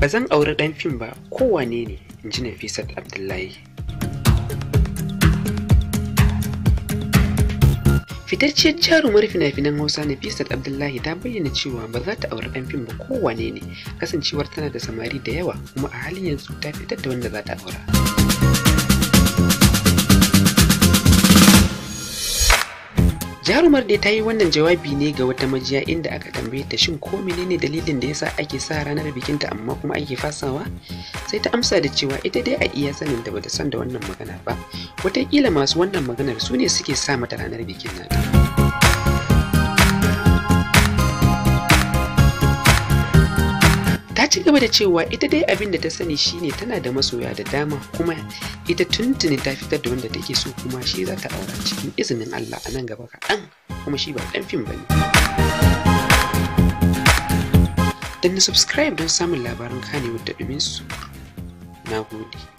ba zan auri ɗan fim ba kowane ne in ji nafisat abdullahi fitacciyar jarumar fina-finan hausa Fisat abdullahi ta bayyana cewa ba za ta auri ɗan fim ba kowane ne kasancewar tana da samari da yawa kuma a halin yanzu ta fitar da wanda za ta aura jarumar dai ta yi wannan jawabi ne ga wata majiya inda aka tambaye ta shin ko menene dalilin da yasa ake sa ranar bikinta amma kuma ake fasawa sai ta amsa da cewa ita dai a iya sanin da bata san da wannan magana ba wataƙila masu wannan maganar su ne suke sa mata ranar bikin nata ci gaba da cewa ita dai abin da ta sani shine tana da masoya da dama kuma ita tuntuni ta fitar da wanda take so kuma shi za ta aura cikin izinin Allah a nan gaba kaɗan kuma shi ba ɗan fim ba ne. Dan na subscribe don samun labarin kanewa da ɗuminsu. Na gode.